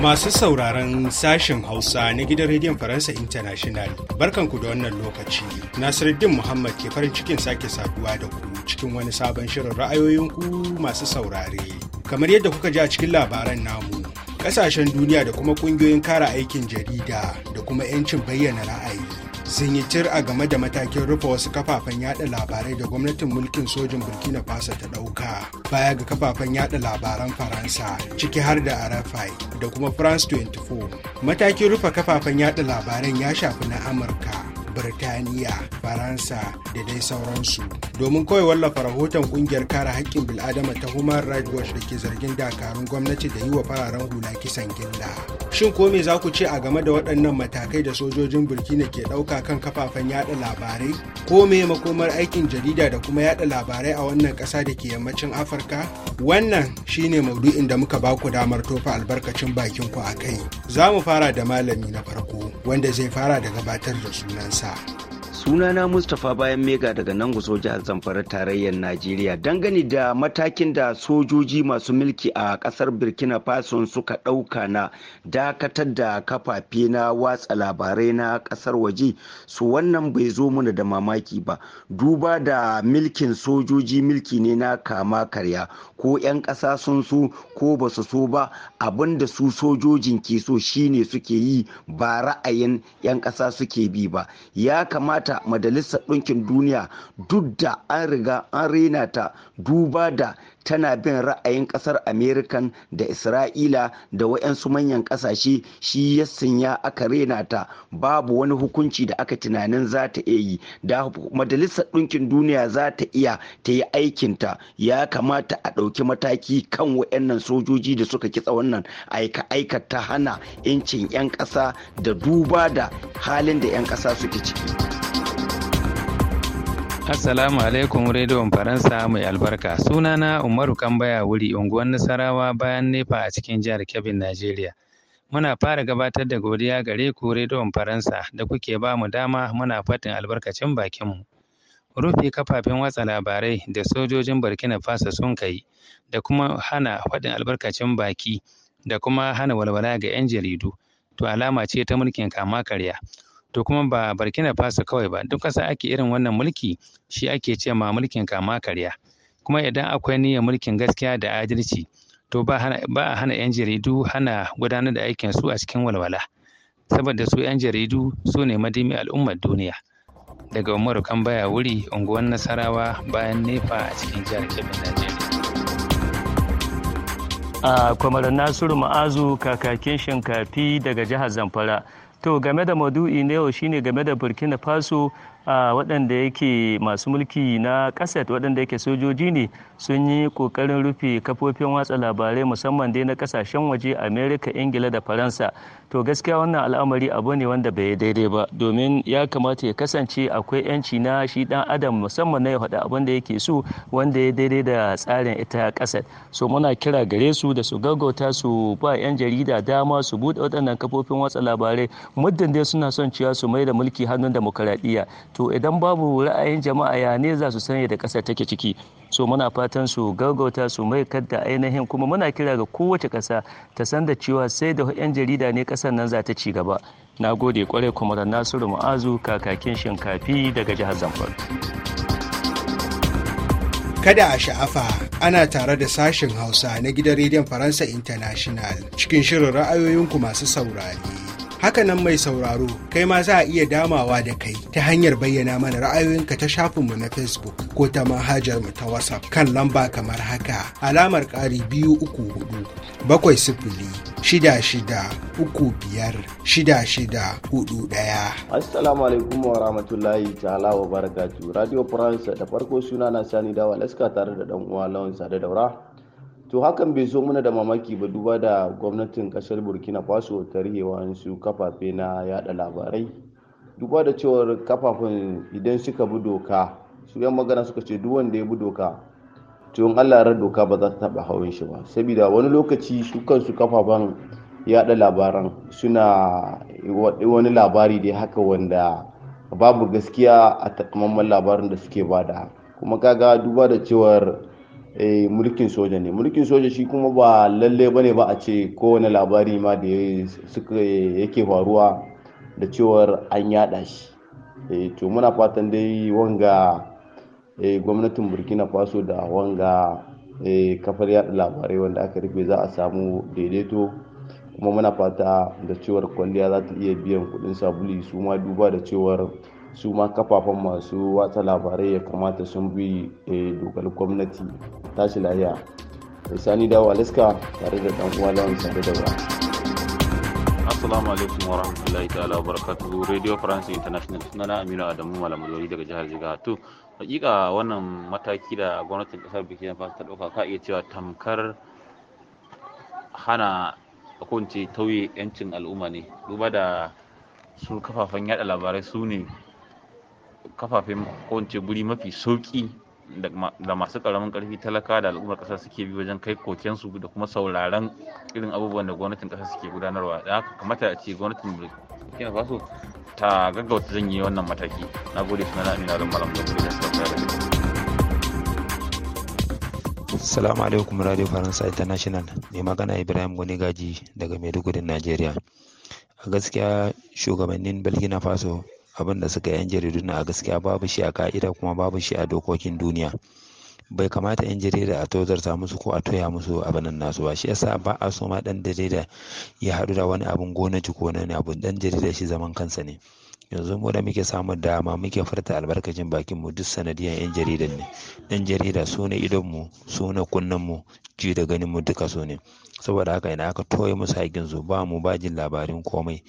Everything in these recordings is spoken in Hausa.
Masu sauraron sashen Hausa na gidan Rediyon Faransa International, barkanku da wannan lokaci. Nasiruddin Muhammad ke farin cikin sake saduwa da ku cikin wani sabon shirin ra'ayoyinku masu saurare. Kamar yadda kuka ji a cikin labaran namu, ƙasashen duniya da kuma ƙungiyoyin kara aikin jarida da kuma 'yancin bayyana ra'ayi sun yi tir a game da matakin rufe wasu kafafen yada labarai da gwamnatin mulkin sojin burkina faso ta dauka baya ga kafafen yada labaran faransa ciki har da arafai da kuma france 24 matakin rufe kafafen yada labaran ya shafi na amurka Birtaniya, Faransa da dai sauransu. Domin kawai wallafa rahoton kungiyar kare haƙƙin bil'adama ta Human Rights Watch da ke zargin dakarun gwamnati da yi wa fararen hula kisan gilla. Shin ko me za ku ce a game da waɗannan matakai da sojojin Burkina ke ɗauka kan kafafen yada labarai? Ko me makomar aikin jarida da kuma yada labarai a wannan ƙasa da ke yammacin Afirka? Wannan shine maudu'in da muka ba ku damar tofa albarkacin bakin ku a kai. Za mu fara da malami na farko wanda zai fara da gabatar da sunansa. sunana mustapha bayan mega daga nan guso jihar zamfara tarayyar najeriya dangane da matakin da sojoji masu milki a kasar burkina faso suka ɗauka na dakatar da kafafe na watsa labarai na kasar waje su wannan bai zo mana da mamaki ba duba da milkin sojoji milki ne na kama karya ko 'yan ƙasa sun so ko ba su so ba abin da su sojojin ke so shine suke yi ba ra'ayin 'yan ƙasa suke bi ba ya kamata majalisar ɗinkin duniya duk da an riga an rena ta duba da tana bin ra'ayin ƙasar amerikan da isra'ila da wayansu manyan ƙasashe shi ya sanya aka rena ta babu wani hukunci da aka tunanin za ta iya yi da majalisar ɗinkin duniya za ta iya ta yi aikinta ya kamata a ɗauki mataki kan wayannan sojoji da suka kitsa wannan aika ta hana 'yancin 'yan ƙasa da duba da halin da 'yan ƙasa suke ciki. Assalamu alaikum rediyon Faransa mai albarka. Sunana Umaru Kambaya wuri unguwar Nasarawa bayan Nefa a cikin jihar kebbin Najeriya. Muna fara gabatar da godiya gare ku rediyon Faransa da kuke ba mu dama muna fatin albarkacin bakinmu. Rufe kafafen watsa labarai da sojojin Burkina Faso sun kai da kuma hana faɗin albarkacin baki da kuma hana walwala ga 'yan jaridu. To alama ce ta mulkin kama karya. to kuma ba burkina faso kawai ba duk ƙasa ake irin wannan mulki shi ake ce ma mulkin kama karya kuma idan akwai niyyar mulkin gaskiya da adalci to ba a hana 'yan jaridu hana gudanar da aikin su a cikin walwala saboda su 'yan jaridu su ne madimi al'ummar duniya daga umaru baya wuri unguwar nasarawa bayan nefa a cikin jihar kebbi najeriya a kwamarar nasiru ma'azu kakakin shinkafi daga jihar zamfara to game da madu'i na yau shine game da burkina faso a ah, waɗanda yake masu mulki na ƙasar waɗanda yake sojoji ne sun yi kokarin rufe kafofin watsa labarai musamman dai na kasashen waje amerika ingila da faransa to gaskiya wannan al'amari abu ne wanda bai daidai ba domin ya kamata ya kasance akwai yanci na shi dan adam musamman na ya faɗa abin da yake so wanda ya daidai da tsarin ita ƙasar so muna kira gare su da su gaggauta su ba yan jarida dama su buɗe waɗannan kafofin watsa labarai muddin dai suna son cewa su mai da mulki hannun demokaradiyya to idan babu ra'ayin jama'a ya ne za su sanya da ƙasar take ciki so muna fatan su gargauta su mai kadda ainihin kuma muna kira ga kowace ƙasa ta san da cewa sai da 'yan jarida ne ƙasar nan za ta ci gaba na gode kwarai kuma da nasiru mu'azu kakakin shinkafi daga jihar zamfara kada a sha'afa ana tare da sashen hausa na gidan rediyon faransa international cikin shirin ra'ayoyinku masu saurari Hakanan mai sauraro kai ma za a iya damawa da kai ta hanyar bayyana mana ra'ayoyinka ta shafinmu na Facebook ko ta manhajar mu ta WhatsApp kan lamba kamar haka alamar ƙari biyu uku hudu bakwai sifili shida shida uku biyar shida shida hudu ɗaya. Assalamu alaikum wa rahmatullahi ta'ala wa barakatu. Radio France da farko suna na Sani Dawa Laska tare da ɗan uwa Lawan Sade Daura. to hakan bai so muna da mamaki ba duba da gwamnatin kasar burkina faso ta wasu kafafe na yada labarai duba da cewar kafafen idan suka bi doka su yan magana suka ce duk wanda ya bi doka to allah doka ba za ta taba hawan shi ba saboda wani lokaci su kansu kafafen yada labaran suna wani labari dai haka wanda babu gaskiya a takamaiman labarin da suke bada kuma kaga duba da cewar eh mulkin soja ne mulkin soja shi kuma ba lalle bane ba a ce kowane labari ma da yake faruwa da cewar an yada shi e to muna fatan dai wanga e gwamnatin burkina faso da wanga e kafar yada labarai wanda aka rufe za a samu daidaito kuma muna fata da cewar kwalliya za ta iya biyan kudin sabuli su ma duba da cewar su ma kafafen masu watsa labarai ya kamata sun bi eh, dokar gwamnati tashi lahiya mai sani dawo waliska tare da dan uwa lawan tare da ba assalamu alaikum wa rahmatullahi ta'ala barakatuhu radio france international sunana aminu adamu malamuri daga jihar jiga to hakika wannan mataki da gwamnatin kasar bikin fasa ta dauka ka iya cewa tamkar hana akwai tauye yancin al'umma ne duba da su kafafen yada labarai su ne kafafen ko guri mafi sauki da masu karamin karfi talaka da al'ummar kasa suke bi wajen kai kokensu da kuma sauraron irin abubuwan da gwamnatin kasa suke gudanarwa da haka kamata a ce gwamnatin burkina faso ta gaggauta yi wannan mataki na gode na amina don malam da da suka da Salamu alaikum Radio Faransa International mai magana Ibrahim Gwani Gaji daga Maiduguri nigeria A gaskiya shugabannin Burkina Faso abin da suka yan jaridu a gaskiya babu shi a ka'ida kuma babu shi a dokokin duniya bai kamata yan jarida a tozarta musu ko a toya musu abin nasu ba shi yasa ba a so ma dan jarida ya haɗu da wani abin gona ko wani abu dan jarida shi zaman kansa ne yanzu mu da muke samun dama muke furta albarkacin bakin mu duk sanadiyan yan jaridan ne yan jarida su ne idon mu su ne kunnen mu ji da ganin mu duka su ne saboda haka ina aka toye musu haƙin su ba mu ba jin labarin komai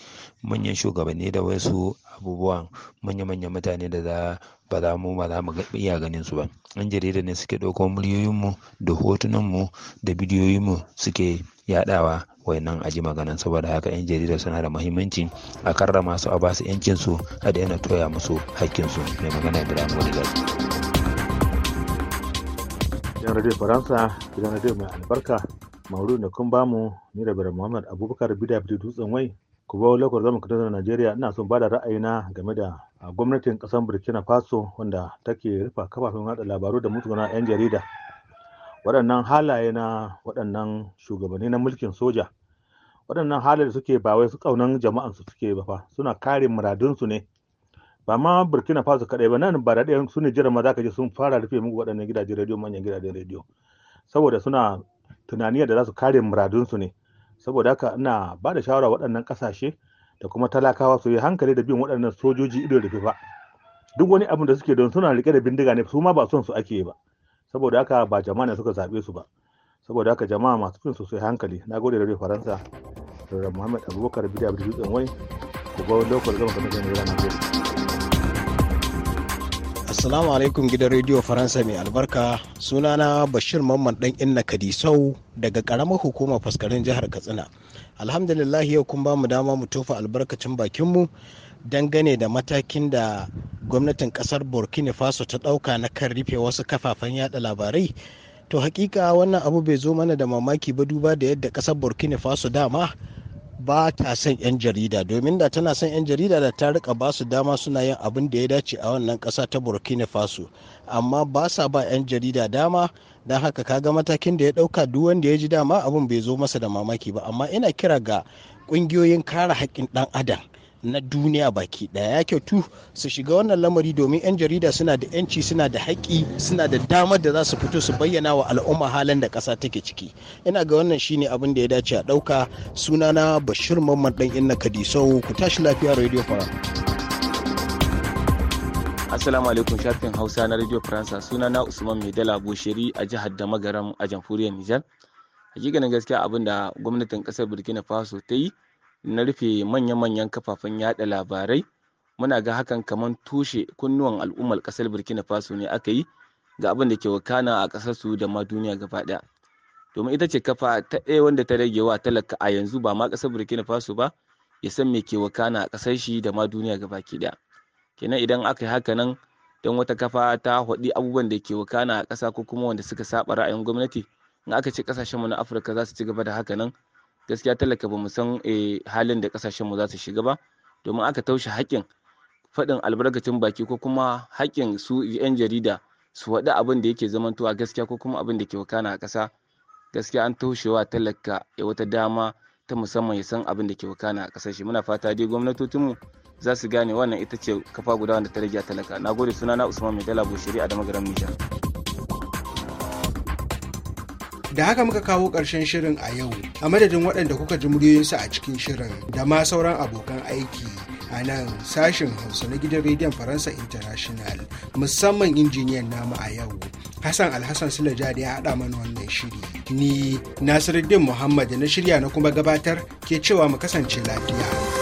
manyan shugabanni da wasu abubuwan manya-manyan mutane da za ba za mu ba za mu iya ganin su ba yan jarida ne suke ɗauko muryoyin mu da hotunan mu da bidiyoyin mu suke yadawa wayannan ji maganan saboda haka yan jarida suna da muhimmanci a karrama su a basu yancin su a daina toya musu hakkin su mai magana gida Waligai. yan radio faransa gidan radio mai albarka mauru da kun bamu ni da bira muhammad abubakar bida fiti dutsen wai ku ba lokacin zama kudu najeriya ina son bada ra'ayina game da gwamnatin kasar burkina faso wanda take rufa kafafen hada labaru da mutuna yan jarida waɗannan halaye na waɗannan shugabanni na mulkin soja waɗannan halin da suke ba wai su ƙaunan jama'an su suke ba fa suna kare muradunsu ne ba ma burkina faso kaɗai ba nan ba da ɗayan su jiran ma zaka ka ji sun fara rufe muku waɗannan gidajen rediyo manyan gidajen rediyo saboda suna tunaniya da za su kare muradunsu ne saboda haka ina ba da shawara waɗannan ƙasashe da kuma talakawa su yi hankali da bin waɗannan sojoji ido rufe ba. duk wani abin da suke don suna rike da bindiga ne su ma ba son su ake ba saboda haka ba jama'a ne suka zaɓe su ba saboda haka jama'a masu fin sosai hankali na gode da faransa da muhammad abubakar bidiyar dutsen wai ku ga lokacin gama kamar jami'ai na gode Assalamu alaikum gidan rediyo Faransa mai albarka sunana Bashir Mamman dan Inna Kadisau daga karamar hukumar faskarin jihar Katsina. Alhamdulillah yau kun bamu dama mu tofa albarkacin bakinmu dangane da matakin da gwamnatin kasar Burkina Faso ta dauka na kan rufe wasu kafafen yada labarai to hakika wannan abu bai zo mana da mamaki ba duba da yadda kasar burkina faso dama ba ta son 'yan jarida domin da tana son 'yan jarida da ta rika ba su dama suna yin abin da ya dace a wannan kasa ta burkina faso amma ba sa ba 'yan jarida dama don haka ka ga matakin da ya dauka duk wanda ya ji dama abin bai zo masa da mamaki ba amma ina kira ga kungiyoyin kare haƙƙin ɗan adam na duniya baki daya ya kyautu su shiga wannan lamari domin 'yan jarida suna da 'yanci suna da haƙƙi suna da damar da za su fito su bayyana wa al'umma halin da ƙasa take ciki ina ga wannan shine abin da ya dace a ɗauka sunana bashir mamman ɗan inna kadisau ku tashi lafiya radio fara Assalamu alaikum shafin Hausa na Radio Faransa sunana Usman Maidala Bushiri a jihar da magaram a jamhuriyar Nijar. Hakikanin gaskiya abin da gwamnatin ƙasar Burkina Faso ta yi na rufe manya-manyan kafafen yada labarai muna ga hakan kamar tushe kunnuwan al'ummar kasar burkina faso ne aka yi ga abin da ke wakana a kasar su da ma duniya gaba daya domin ita ce kafa ta ɗaya wanda ta rage wa talaka a yanzu ba ma kasar burkina faso ba ya san me ke wakana a kasar shi da ma duniya gaba daya kenan idan aka yi haka nan don wata kafa ta haɗi abubuwan da ke wakana a ƙasa ko kuma wanda suka saba ra'ayin gwamnati in aka ce kasashenmu na afirka za su ci gaba da haka nan gaskiya talaka ba mu san eh, halin da kasashenmu za su shiga ba domin aka taushe haƙƙin faɗin albarkacin baki ko kuma haƙƙin su 'yan jarida su faɗi abin da yake tuwa gaskiya ko kuma abin da ke wakana a ƙasa gaskiya an taushewa talaka ya wata dama ta musamman ya san abin da ke wakana a ƙasashe muna fata dai gwamnatocinmu za su gane wannan ita ce kafa guda wanda ta rage talaka na gode suna na usman mai dala bushiri a damagaran nijar da haka muka kawo ƙarshen shirin a yau a madadin waɗanda kuka ji muryoyinsu a cikin shirin da ma sauran abokan aiki a nan sashin hausa na gidan rediyon faransa international musamman injiniyan namu a yau hassan alhassan sulaja da ya haɗa mana wannan shiri ni nasiruddin muhammad na shirya na kuma gabatar ke cewa mu kasance lafiya.